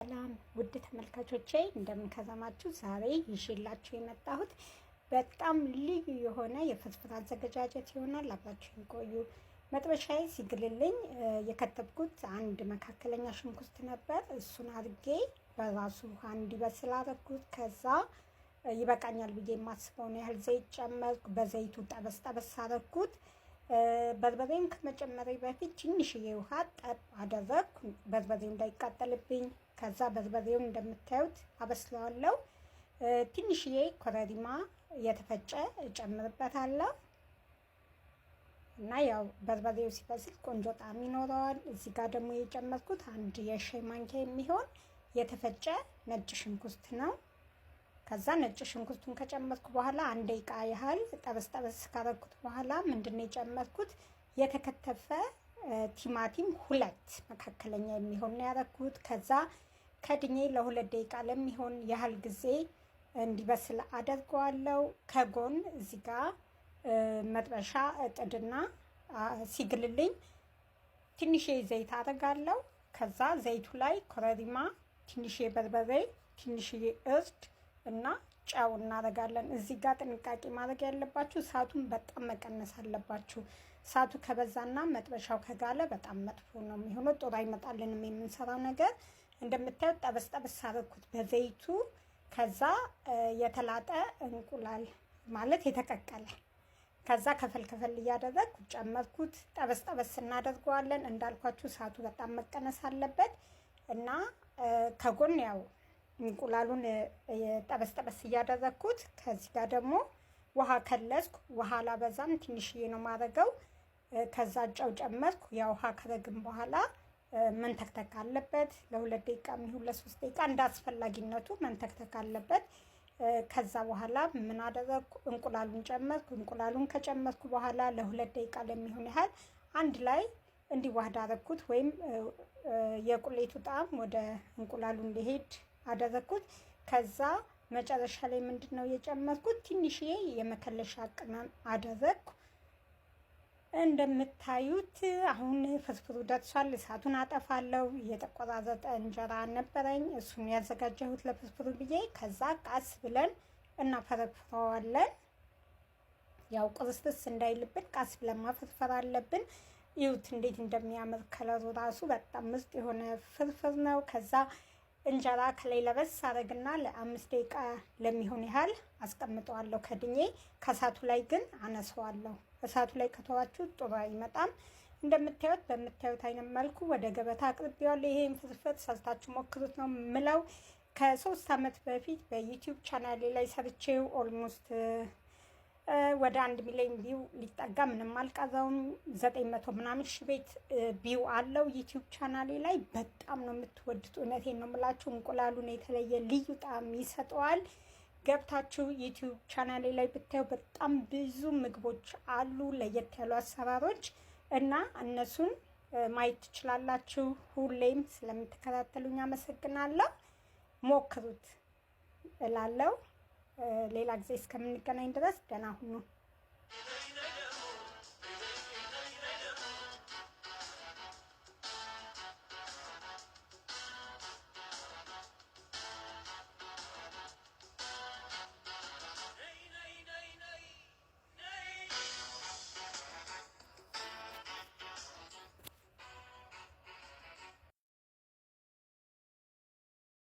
ሰላም ውድ ተመልካቾቼ እንደምን ዛሬ ይዤላችሁ የመጣሁት በጣም ልዩ የሆነ የፍትፍት አዘገጃጀት ይሆናል። አብራችሁን ቆዩ። መጥበሻዬ ሲግልልኝ የከተብኩት አንድ መካከለኛ ሽንኩርት ነበር። እሱን አድርጌ በራሱ ውሃ እንዲበስል አደረኩት። ከዛ ይበቃኛል ብዬ የማስበውን ያህል ዘይት ጨመርኩ። በዘይቱ ጠበስ ጠበስ አደረኩት። በርበሬም ከመጨመሪ በፊት ትንሽዬ ውሃ ጠብ አደረግኩ፣ በርበሬ እንዳይቃጠልብኝ ከዛ በርበሬውን እንደምታዩት አበስለዋለሁ። ትንሽዬ ኮረሪማ የተፈጨ እጨምርበታለሁ እና ያው በርበሬው ሲበስል ቆንጆ ጣዕም ይኖረዋል። እዚህ ጋር ደግሞ የጨመርኩት አንድ የሻይ ማንኪያ የሚሆን የተፈጨ ነጭ ሽንኩርት ነው። ከዛ ነጭ ሽንኩርቱን ከጨመርኩ በኋላ አንድ ደቂቃ ያህል ጠበስ ጠበስ ካረኩት በኋላ ምንድን ነው የጨመርኩት የተከተፈ ቲማቲም ሁለት መካከለኛ የሚሆን ነው ያረኩት። ከዛ ከድኜ ለሁለት ደቂቃ ለሚሆን ያህል ጊዜ እንዲበስል አደርገዋለሁ። ከጎን እዚህ ጋር መጥበሻ እጥድና ሲግልልኝ ትንሽ ዘይት አደርጋለሁ። ከዛ ዘይቱ ላይ ኮረሪማ፣ ትንሽ በርበሬ፣ ትንሽ እርድ እና ጨው እናደርጋለን። እዚህ ጋር ጥንቃቄ ማድረግ ያለባችሁ እሳቱን በጣም መቀነስ አለባችሁ። እሳቱ ከበዛና መጥበሻው ከጋለ በጣም መጥፎ ነው የሚሆነው። ጦር አይመጣልንም የምንሰራው ነገር እንደምታዩት ጠበስ ጠበስ አደረኩት በዘይቱ። ከዛ የተላጠ እንቁላል ማለት የተቀቀለ ከዛ ከፈል ከፈል እያደረግኩ ጨመርኩት። ጠበስ ጠበስ እናደርገዋለን። እንዳልኳችሁ እሳቱ በጣም መቀነስ አለበት እና ከጎን ያው እንቁላሉን ጠበስ ጠበስ እያደረግኩት ከዚህ ጋር ደግሞ ውሃ ከለስኩ። ውሃ ላበዛም ትንሽዬ ነው ማድረገው። ከዛ ጨው ጨመርኩ። ያው ውሃ ከረግም በኋላ መንተክተክ አለበት። ለሁለት ደቂቃ የሚሆን ለሶስት ደቂቃ እንደ አስፈላጊነቱ መንተክተክ አለበት። ከዛ በኋላ ምን አደረግኩ? እንቁላሉን ጨመርኩ። እንቁላሉን ከጨመርኩ በኋላ ለሁለት ደቂቃ ለሚሆን ያህል አንድ ላይ እንዲዋህድ አደረግኩት። ወይም የቁሌቱ ጣዕም ወደ እንቁላሉ እንዲሄድ አደረግኩት። ከዛ መጨረሻ ላይ ምንድን ነው የጨመርኩት? ትንሽዬ የመከለሻ ቅመም አደረግኩ። እንደምታዩት አሁን ፍስፍሩ ደርሷል። እሳቱን አጠፋለሁ። የተቆራረጠ እንጀራ ነበረኝ፣ እሱን ያዘጋጀሁት ለፍስፍሩ ብዬ። ከዛ ቃስ ብለን እናፈረፍረዋለን። ያው ቁርስርስ እንዳይልብን ቃስ ብለን ማፈርፈር አለብን። ይሁት እንዴት እንደሚያምር ከለሩ ራሱ በጣም ምርጥ የሆነ ፍርፍር ነው። ከዛ እንጀራ ከላይ ለበስ አረግና ለአምስት ደቂቃ ለሚሆን ያህል አስቀምጠዋለሁ ከድኜ። ከእሳቱ ላይ ግን አነሰዋለሁ። እሳቱ ላይ ከተዋችሁ ጥሩ አይመጣም። እንደምታዩት በምታዩት አይነት መልኩ ወደ ገበታ አቅርቤዋለሁ። ይሄን ፍትፍት ሰርታችሁ ሞክሩት ነው ምለው። ከሶስት አመት በፊት በዩቲዩብ ቻናሌ ላይ ሰርቼው ኦልሞስት ወደ አንድ ሚሊዮን ቪው ሊጠጋ ምንም አልቀረውም። ዘጠኝ መቶ ምናምን ሺህ ቤት ቪው አለው ዩቲዩብ ቻናሌ ላይ። በጣም ነው የምትወዱት። እውነቴን ነው የምላችሁ። እንቁላሉን የተለየ ልዩ ጣዕም ይሰጠዋል። ገብታችሁ ዩቲዩብ ቻናሌ ላይ ብታዩ በጣም ብዙ ምግቦች አሉ፣ ለየት ያሉ አሰራሮች እና እነሱን ማየት ትችላላችሁ። ሁሌም ስለምትከታተሉኝ አመሰግናለሁ። ሞክሩት እላለሁ። ሌላ ጊዜ እስከምንገናኝ ድረስ ደህና ሁኑ።